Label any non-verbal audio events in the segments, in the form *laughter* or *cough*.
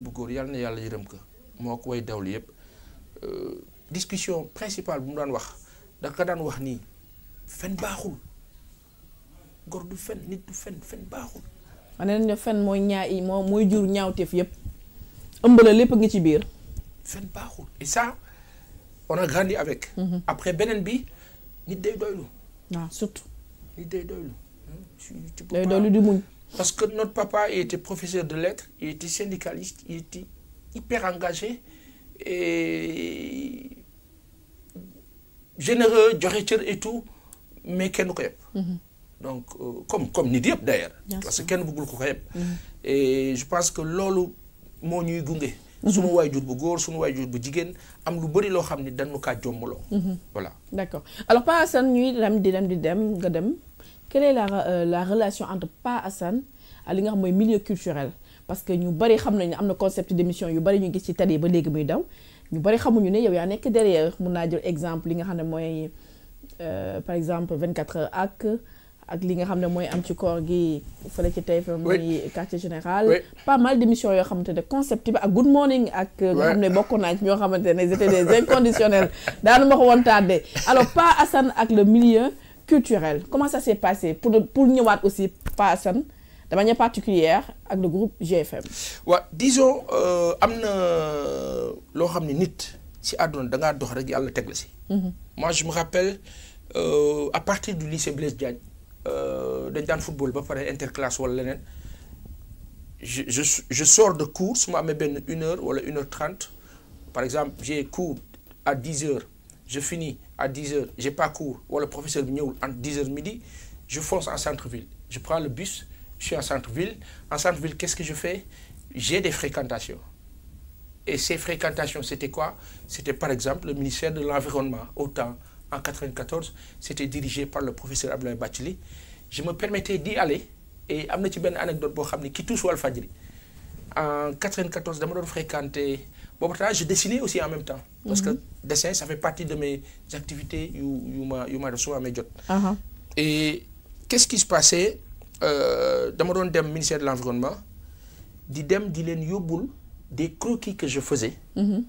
bu góor yàlla na yàlla yërëm ko moo ko way dawlu yëpp euh, discussion principale bu mu daan wax da ka daan wax ni fen baaxul góor du fen nit du fen fen baaxul. ma ne leen fen mooy ñaa moo mooy jur ñaawteef yëpp ëmb la lépp a ngi ci biir. fen baaxul et ça on a grandi avec. Mhm. après beneen bi nit day doylu. waaw ah, surtout. nit day doylu hmm? di muñ. Parce que notre papa il était professeur de lettres, il était syndicaliste, il était hyper engagé et généreux, directeur et tout, mais kenn ko yëpp. Mm-hmm. donc euh, comme comme nit yëpp d'ailleurs. parce que kenn bëggul ko ko yëpp. Mm-hmm. je pense que loolu moo ñuy gunge. Mm-hmm. sunu jur bu góor su sunu jur bu jigéen am lu bëri loo xam ne dañu kaa jommaloo. voilà d'accord alors Pa Assane di dem di dem nga dem. keneen est la euh, la relation entre Pa assan ak li nga xam mooy milieu culturel parce que ñu bari xam nañu ne am na concept d'émission yu bari ñu gis ci télé ba léegi muy daw ñu bari xamuñu ne yow yaa nekk derrière mun naa jël exemple li nga xam ne mooy euh, par exemple 24 heures ak ak li nga xam ne mooy am ci koor gi fële ci tey fa muy quartier général pas mal d'émissions yoo xamante ne concept bi ak good morning ak nga xam ne bokk naa ñoo xamante ne ils étaient des inconditionnels daanu ma ko woon tardé alors Pa le milieu culturelle. Comment ça s'est passé pour, le, pour Niwad aussi, personne, de manière particulière, avec le groupe GFM ouais, Disons, euh, amna lo xamni nit ci aduna da nga dox rek yalla tek la ci mhm. moi je me rappelle euh, à partir du lycée Blaise Diagne euh dañ dan football ba pare interclasse wala lenen je, je, je sors de cours su ma amee benn une heure wala une heure trente par exemple j'ai cours à 10 heures je finis à dix heures j'ai pas cours wala professeur bi ñëwul entre 10 heures midi je fonce en centre-ville je prends le bus je suis en centre-ville en centre-ville qu'est-ce que je fais j'ai des fréquentations et ces fréquentations c'était quoi c'était par exemple le ministère de l'environnement au temps en 94 c'était dirigé par le professeur Abdoulaye Bathily je me permettais d'y aller et am na ci benn anecdote boo xam ne qui touche Walfadjri en 94 dama doon boobu temps je dessinais aussi en même temps. parce que mhm. dessin ça fait partie de mes activités yu yu ma yu ma def su ma amee jot. Uh-huh. et qu'est-ce qui se passait euh, dama doon dem ministère de l'environnement di dem di leen yóbbul des croquis que je faisais. Mhm.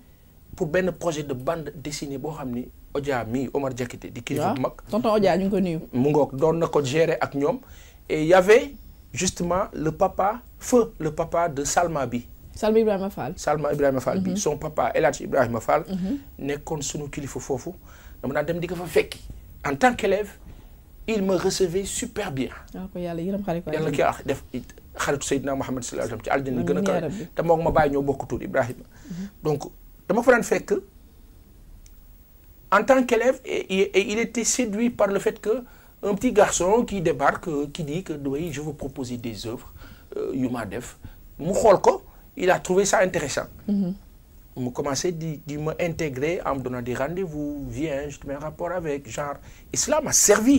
pour benn projet de bande dessinée boo xam ni Odia mii Omar Diakité di kilifa bu mag. tonton Odia ñu ngi ko nuyu. mu ngoog doon na ko gérer ak ñoom et y justement le papa feu le papa de Salma bi. Salma Ibrahima Fall Salma Ibrahima Fall bi mhm. son papa El Hadj Ibrahima Fall mhm. nekkoon suñu kilifa foofu dama daan dem di ko fa fekki en tant qu'élève il me recevait super bien ah, yàlla yërëm ko yàlla ki ah def xaritu Seydina Mohamed sallallahu alayhi wa sallam ci àljana gën a kawe te moom ma bàyyi ñoo bokk tuur Ibrahima mhm. donc dama ko fa daan fekk en tant qu'élève et il était séduit par le fait que un petit garçon qui débarque qui dit que doy je veux proposer des œuvres euh, yu ma def xool ko il a trouvé ça intéressant. Mhm. mu commencé di di ma intégrer en me donnant des rendez-vous viens je te mets en rapport avec genre et cela m'a servi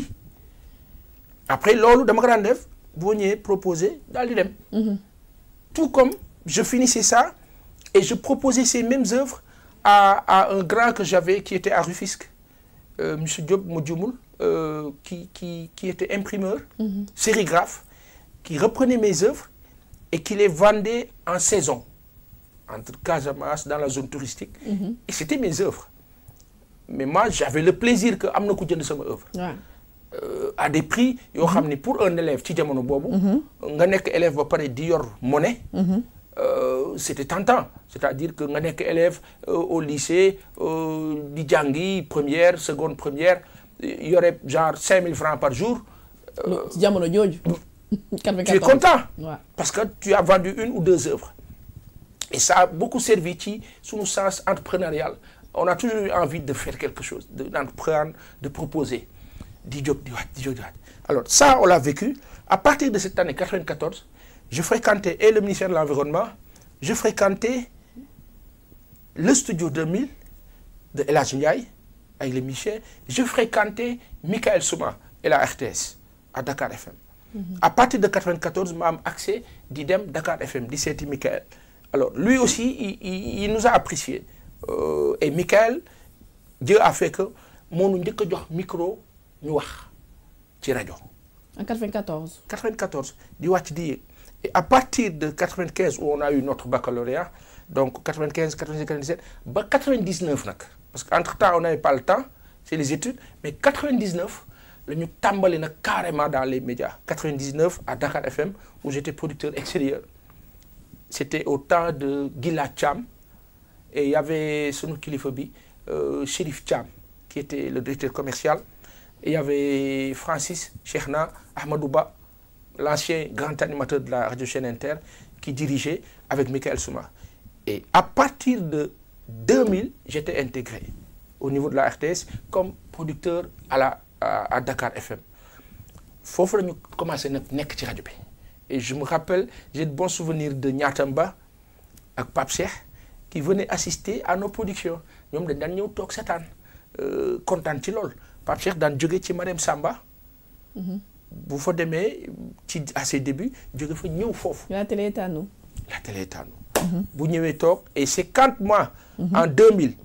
après loolu dama ko daan def boo ñëwee proposer daal di dem. Mhm. tout comme je finissais ça et je proposais ces mêmes œuvres à à un grand que j'avais qui était à Rufisque euh, monsieur Diop mu jumul euh, qui qui qui était imprimeur. Mm -hmm. sérigraphe qui reprenait mes œuvres et qui les en saison, entre Casamance, dans la zone touristique. Mm -hmm. Et c'était mes œuvres. Mais moi, j'avais le plaisir que am na ku jënd sama œuvre. Euh, à des prix yoo xam ne pour un élève ci jamono boobu. Mhm. nga nekk élève ba pare di yor monnaie. Mhm. Euh, c'était tentant c'est-à-dire que nga nekk élève euh, au lycée di jàngi première seconde première yore genre cinq mille francs par jour. ci jamono jooju. *laughs* tu content. parce que tu as vendu une ou deux œuvres. et ça a beaucoup servi ci suñu sens entrepreneurial on a toujours eu envie de faire quelque chose de de proposer di jóg di alors ça on l'a vécu à partir de cette année 94 je fréquentais et le ministère de l'environnement je fréquentais le studio 2000 de El Hadj Ndiaye avec les Michel je fréquentais Michael Souma et la RTS à Dakar FM. à partir de 94 ma am accès di dem Dakar FM di seeti Michael alors lui aussi il, il nous a apprécié euh, et Michael Dieu a fait que moonu njëkk a jox micro ñu wax ci rajo. en 94. 94 di wàcc di yéeg et à partir de 95 où on a eu notre baccalauréat donc 95 96 97 ba 99 nag parce que entre temps on n'avait pas le temps c'est les études mais 99. la ñu tàmbali nag carrément dans les médias 99 à Dakar FM où j'étais producteur extérieur c'était au temps de Gila Cham et il y avait sunu kilifa bi euh, Chérif Cham qui était le directeur commercial et il y avait Francis Cheikhna Ahmadou Ba l'ancien grand animateur de la radio chaîne Inter qui dirigeait avec Michael Souma et à partir de 2000 j'étais intégré au niveau de la RTS comme producteur à la à Dakar FM foofu la ñu commencé nag nekk ci rajo bi et je me rappelle j'ai de bons souvenirs de Niatamba ak Pape Cheikh qui venaient assister à nos productions ñoom dañ daan ñëw toog setaan euh, kontaan ci lool Pape Cheikh daan jóge ci Marème sàmba mhm. bu fa demee ci à ses débuts jóge fa ñëw foofu. la télé est à mhm. bu ñëwee toog et c'est quand moi. Mhm. en 2000.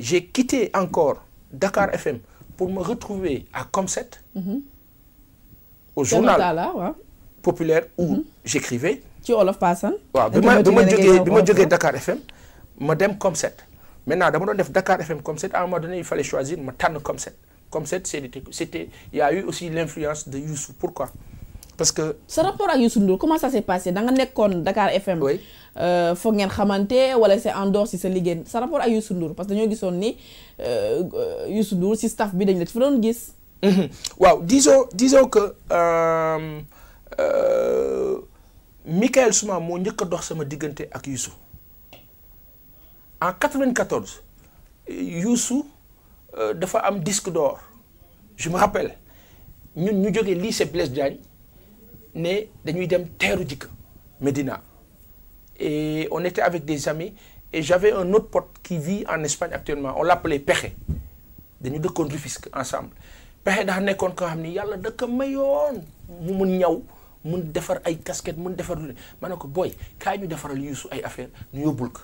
j'ai quitté encore Dakar FM. pour ma retrouver à Comset, mhm. au journal populaire où mhm. j'écrivais. ci Olof Paasan. waaw bi ma bi ma jógee bi ma jógee Dakar FM ma dem Comset maintenant dama doon def Dakar FM Comset à un moment donné il fallait choisir ma tànn Comset Comset c'était c'était il y a eu aussi l'influence de Youssou pourquoi. parce que sa rapport ak Youssou Ndour comment ça s'est passé da nekkoon Dakar FM. oui euh, foog ngeen xamante wala c'est en dehors si sa liggéey sa rapport ak Youssou Ndour parce que dañoo gisoon ni euh, Youssou Ndour si staff bi dañ la fa doon gis. *laughs* waaw disons disons que euh, Michael Souma moo njëkk dox sama diggante ak Youssou en 94 Youssou dafa am disque d'or je me rappelle ñun ñu jógee lycée Blaise Diagne. ne dañuy dem teeru jikko Medina et on était avec des amis et j'avais un autre pote qui vit en Espagne actuellement on l'appelait Pexe dañu dëkkoon Rufisque ensemble Pexe daa nekkoon ko xam ni yàlla dëkk mayoon mu mun ñaw mun defar ay casquette mun defar lu ne ma ne ko booy kaay ñu defaral Youssou ay affaire ñu yóbbul ko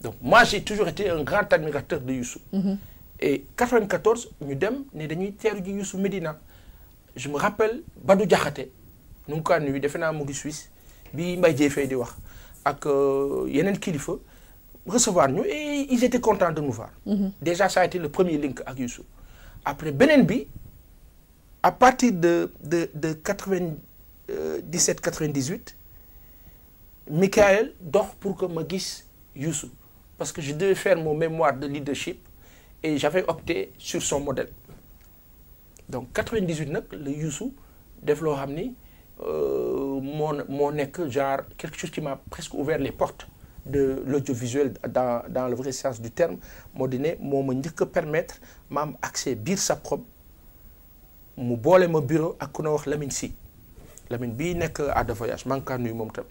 donc moi j'ai toujours été un grand admirateur de Youssou mm -hmm. et 94 ñu dem ne dañuy teeru ji Youssou Medina je me rappelle Badou Diakhaté nu ngi ko defe naa mu ngi bi mbay Dièye Faye di wax ak euh, yeneen kilifa recevoir ñu et ils étaient de nous voir. Mhm. déjà ça a été le premier link ak Youssou. après beneen bi à partir de de de quatre-vingt-dix-sept quatre-vingt-dix-huit Michael dox pour que ma gis yusu parce que je devais faire mon mémoire de leadership et j'avais opté sur son modèle donc quatre vingt dix nag la Youssou def loo xam ni. Euh, moo moo nekk genre quelque chose qui m'a presque ouvert les portes de l'audiovisuel dans dans le vrai sens du terme moo di ne moo ma njëkk a permettre ma am accès biir SAPROM mu boole ma bureau ak ku na wax Lamine si Lamine bii nekk à de voyage maa kaa nuyu moom tam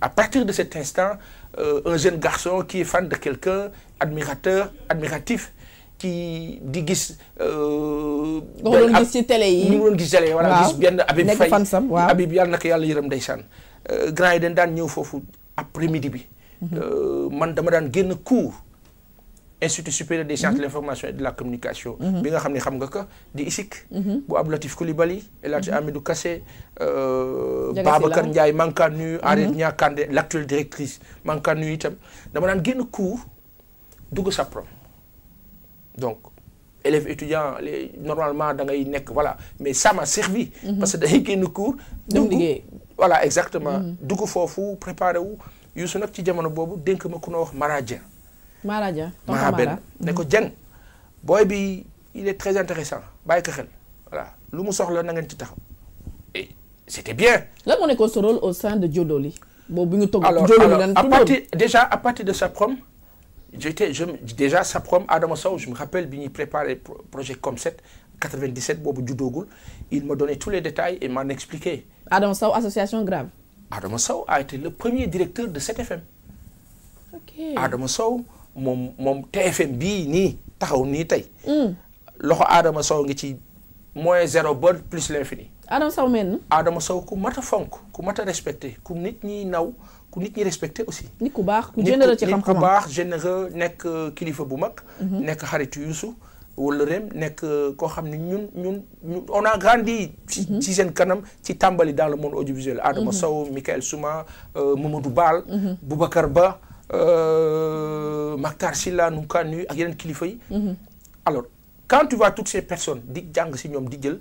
à partir de cet instant euh, un jeune garçon qui est fan de quelqu'un admirateur admiratif ci di gis. Euh, doon gis ci télé yi ñu doon gis télé yi wala gis benn Habib Faye Habib yàlla na ko yàlla yërëm ndeysaan euh, grand yi dañ daan ñëw foofu après midi bi. Mhm. Euh, man dama daan génn cours. institut supérieur des sciences de mhm. et de la communication. Mhm. bi nga xam ne xam nga ko di ISIC. bu Ablatif Coulibaly. El Hadj Amidou Kassé. Babacar Ndiaye Mankanu. Arène Niakande l' actuelle directrice Mankanu itam dama daan génn cours dugg sa donc élèves étudiants les normalement da ngay nekk voilà mais sama servi. Mhm. parce que dañuy génn cours. dugg liggéey voilà exactement. Mhm. dugg foofu préparé wu. Youssou nag ci jamono boobu dénk ma ku noo wax Mara Dieng. Mara Dieng Mara benn ne ko mhm. Dieng. booy bi il est très intéressant bàyyi ko xel voilà lu mu soxla na ngeen ci taxaw. et c' était bien. lan moo nekkoon sa rôle au sein de Jodoli. boobu bi nga toog Jodoli a à partir déjà à partir de sa prom. j'étais je déjà SAPCOM Adama saw je me rappelle bi ñuy préparé projet COM7 97 boobu juddoogul il m'a donné tous les détails et m'en expliqué. Adama Sow association grave. Adama saw a été le premier directeur de 7 Adama Sow moom moom TFM bii nii taxaw nii tey. Mm. loxo Adama saw ngi ci moins zéro ba plus l'infini Adama Sow mel Adama Sow ku mat a fonk ku mat a respecté ku nit ñi naw ku nit ñi respecté aussi. nit ku baax ku généreux ci xam-xamam nit ku baax généreux nekk euh, kilifa bu mag. Mhm. nekk xaritu Youssou. wala rem nekk euh, koo xam ne ñun ñun on a grandi. Mhm. ci seen kanam ci tàmbali dans le monde audiovisuel. Adama mhm. Sow Michael Souma euh, Mamadou Baal. Boubacar Ba Maktar Silla Nunkanu ak yeneen kilifa yi. alors quand tu vois toutes ces personnes di jàng si ñoom di jël.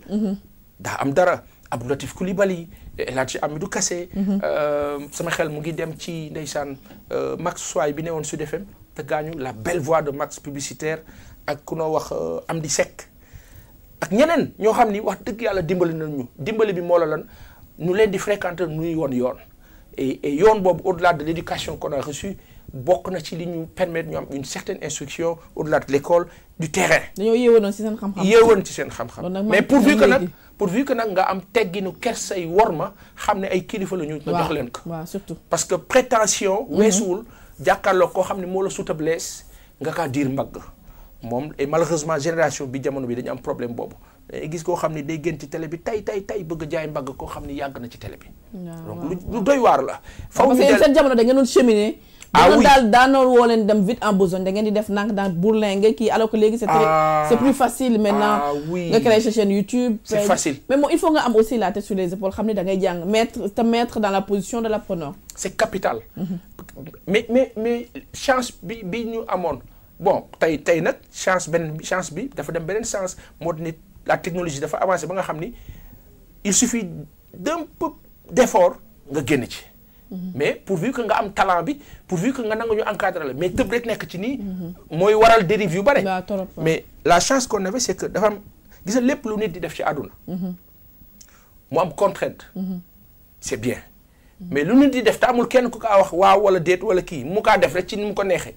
daa am dara Abdou laa Coulibaly am Hadji Amidou Kassé mhm. euh, sama xel mu ngi dem ci ndeysaan euh, Max Soy bi ne woon su FM te gaañu la belle voix de Max publicitaire ak ku noo wax euh, di Seck ak ñeneen ñoo xam ni wax dëgg yàlla dimbali na ñu dimbali bi moo la lan nu leen di fréquenter nuy woon yoon et yoon boobu au la de l'éducation qu'on a bokk na ci li ñu permettre ñu am une certaine instruction au-delà de l'école du terrain. dañoo yéewoon ci seen xam-xam. ci seen xam-xam. mais pourvu que nag. pour pourvu que nag nga am tegginu kersay wor ma xam ne ay kilifa la ñu. waaw jox leen ko. surtout parce que prétention. Mhm. weesuwul jàkkaarloo koo xam ne moo la suutab lees nga kaa diir mbagg. moom et malheureusement génération bi jamono bi dañu am problème boobu gis koo xam ne day gën ci télé bi tay tay tay bëgg a jaay mbagg koo xam ne yàgg na ci télé bi. donc lu doy waar la. faw ñu parce que seen jamono da ngeen doon cheminer. ah oui daal daanoo woo leen dem vite en besogne da ngeen di def nank dans bourlingué kii alors que léegi c'est très ah. c'est plus facile maintenant ah nga créer sa chaîne YouTube c'est facile mais bon il faut nga am aussi la tête sur les épaules xam ne da ngay jàng mettre te mettre dans la position de l'apprenant c'est capital mm-hmm. mais mais mais chance bi bi ñu amoon bon tey tey nag chance beneen chance bi dafa dem beneen chance moo di la technologie dafa avancer ba nga xam ni il suffit d'un peu nga génn ci mais pourvu que nga am talent bi pourvu que nga nangu ñu encadrer la mais tëb rek nekk ci nii. mooy waral dérive yu bare. mais la chance qu'on avait dafa am lépp lu nit di def ci àdduna. mu am contrainte. c'est bien. mais lu nit di def te amul kenn ku kaa wax waaw wala déet wala kii mu kaa def rek ci ni mu ko neexee.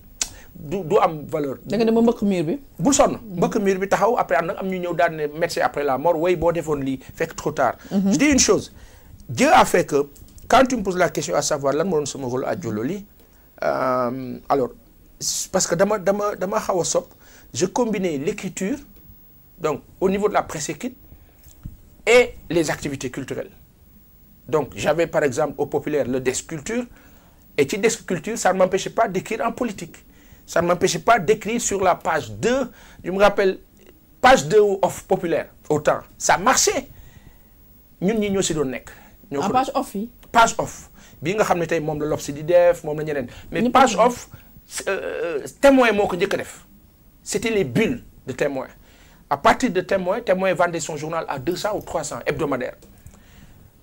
du du am valeur. da nga dem ba mbëkk miir bi. bu sonn mbëkk miir bi taxaw après am nag am ñu ñëw daal ne médecin après la mort way boo defoon lii fekk trop tard. Mhm. je dis une quand tu me poses la question à savoir lan moo doon sama rôle à Jololi euh, alors parce que dama dama dama xaw a sob je combinais l'écriture donc au niveau de la presse écrite et les activités culturelles donc j'avais par exemple au Populaire le des cultures et ci des culture ça ne m'empêchait pas d'écrire en politique ça ne m'empêchait pas d'écrire sur la page 2 je me rappelle page 2 off Populaire autant ça marchait ñun ñi ñoo si doon nekk. ñoo ko page off yi. page off bi nga xam ne tey moom la L'Obs di def moom la ñeneen mais page off euh, témoin moo ko njëkk a def c'était les bulles de témoin à partir de témoin témoin vendait son journal à 200 ou 300 hebdomadaires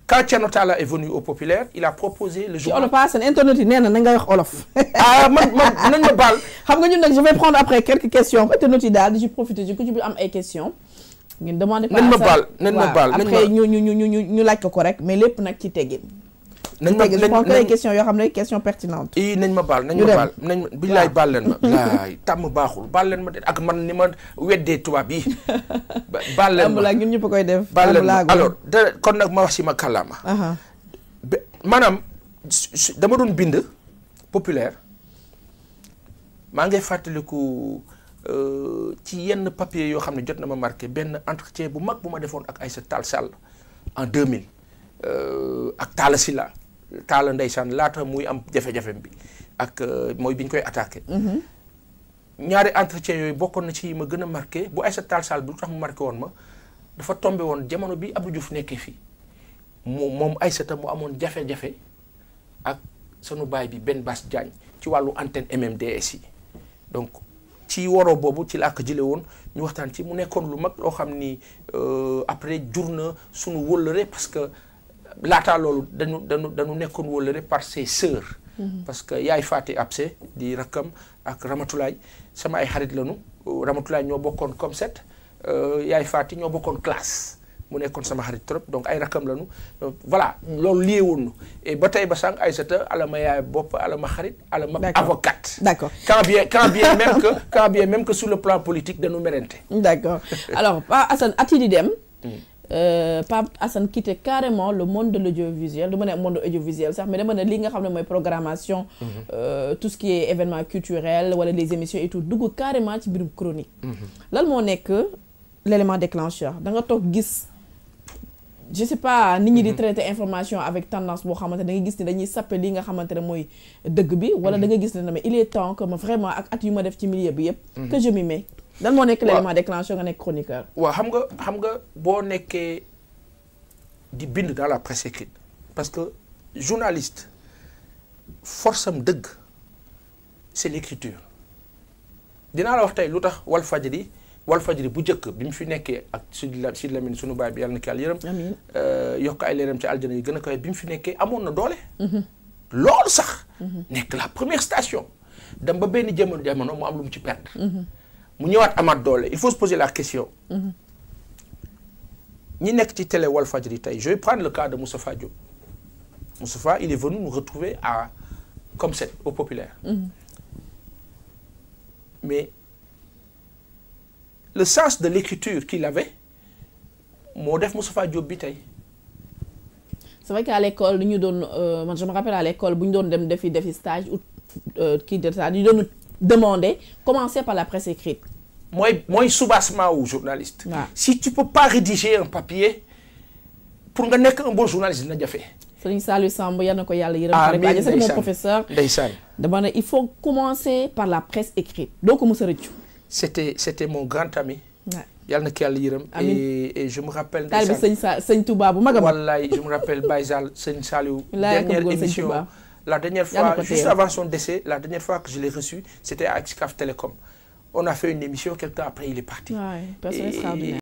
quand Thierno Talla est venu au Populaire il a proposé le journal. ci olof ah seen internet yi nee na na nga wax olof. ah man man nañ ma baal. xam nga ñun nag je vais prendre après quelques questions internet daal di ci profiter ci ku ci am ay questions. ngeen demander. nañ ma baal nañ ma ñu ñu ñu ñu laaj ko rek mais lépp nag ci teggin. nañ ma nañ ma nañ question yoo xam ne question pertinente. i nañ ma baal nañ ma baal nañ ma billaay baal leen ma. *laughs* billaay tàmm baaxul baal leen ma de ak man ni ma weddee tubaab yi. baal leen ma ñun ñëpp koy def. baal leen ma alors kon nag ma wax si ma kàllaama. dama doon bind populaire maa ngay fàttaliku. Euh, ci yenn papier yoo xam ne jot na ma marqué benn entretien bu mag bu ma defoon ak Aïssata Tall Sall en 2000 euh, ak Talla Sylla taala ndeysaan laata muy am jafe-jafem bi ak euh, mooy bi ñu koy attaqué. Mhm. ñaari entretien yooyu bokkoon na ci ma gën a marqué bu Aïssata Tall Sall bi lu tax mu marqué woon ma dafa tombe woon jamono bi Abdou fu nekkee fii mu moom Aïssata mu amoon jafe-jafe ak sunu baay bi benn Bass Diagne ci wàllu antenne MMDS yi donc ci waroo boobu ci la ak jële woon ñu waxtaan ci mu nekkoon lu mag loo xam ni euh, après jur na sunu wëllëre parce que. laataa loolu dañu dañu dañu nekkoon wóllëre par ses sœurs. Mhm. parce que yaay Faati Abse di rakkam ak Ramatulaay sama ay xarit lañu Ramatulaay ñoo bokkoon comme set euh, yaay fàtte ñoo bokkoon classe mu nekkoon sama xarit trop donc ay rakkam lañu donc voilà loolu lié woon et ba tey ba sànq Aïssata alama yaay bopp alama xarit alama avocate d'accord quand bien quand bien *laughs* même que quand bien même que sur le plan politique dañu merente d'accord alors Pa ah, Assane at yi di dem hmm. Euh, Pape Assane quitté carrément le monde de l'audiovisuel du ma ne monde audiovisuel sax mais dama ne li nga xam ne mooy programmation mhm. euh, tout ce qui est événement culturel wala les émissions et tout dugg carrément ci mbirum chronique mhm. lan moo nekk l'élément déclencheur da nga toog gis je sais pas nit ñi di mhm. traiter information avec tendance boo xamante da nga gis ni dañuy sappe li nga xamante ne mooy dëgg bi wala da nga gis ne mais il est temps vraiment ak at yu ma def ci milieu bi yëpp que je dan moo nekk l'élément déclencheur nga nekk chroniqueur. waaw xam nga xam nga boo nekkee di bind dans la écrite parce que journaliste force dëgg c'est l'écriture dinaa la wax tey lu tax Walfadjri Walfadjri bu njëkk bi mu fi nekkee ak Sidi la Sidi sunu baay bi yàlla na ko yàlla yërëm. amiin euh, yokk ay leeram ci aljana yi gën a koy bi mu fi nekkee amoon na doole. Mhm. loolu sax. Mhm. nekk la première station. dem ba benn jamono jamono mu am lu mu ci perte. Mhm. mu ñëwaat amaat doole il faut se poser la question. Mm-hmm. ñi nekk ci télé Walfadjri tey je vais prendre le cas de Moustapha Diop Moustapha il est venu nous retrouver à comme c'est au Populaire. Mm-hmm. mais le sens de l'écriture qu'il avait moo def Moustapha Diop bi tey. c'est vrai qu'à l'école ñu doon euh, man je me rappelle à l'école bu ñu doon dem defi defi stage ou euh, kii de ça ñu doon. demandé, commencez par la presse écrite. Moi, moi soubassement aux journalistes. Ouais. Si tu pa peux pas rédiger un papier, pour être un bon journaliste, il déjà fait. Serigne Salou Samb yal na ko yàlla yërëm. amiin ndeysaan c'est mon professeur. ndeysaan dama ne il faut commencer par la presse écrite. doo ko mos a rëccu. c'était c'était mon grand ami. waaw yal na ko yàlla yërëm. amiin et je me rappelle. ndeysaan taal bi sëñ Sa sëñ Touba bu mag a mag. wallaay je me rappelle Baye Sall sëñ Salou. dernière émission La dernière fois, juste avant son décès, la dernière fois que je l'ai reçu, c'était à Excaf Telecom. On a fait une émission, quelques temps après, il est parti. Ouais,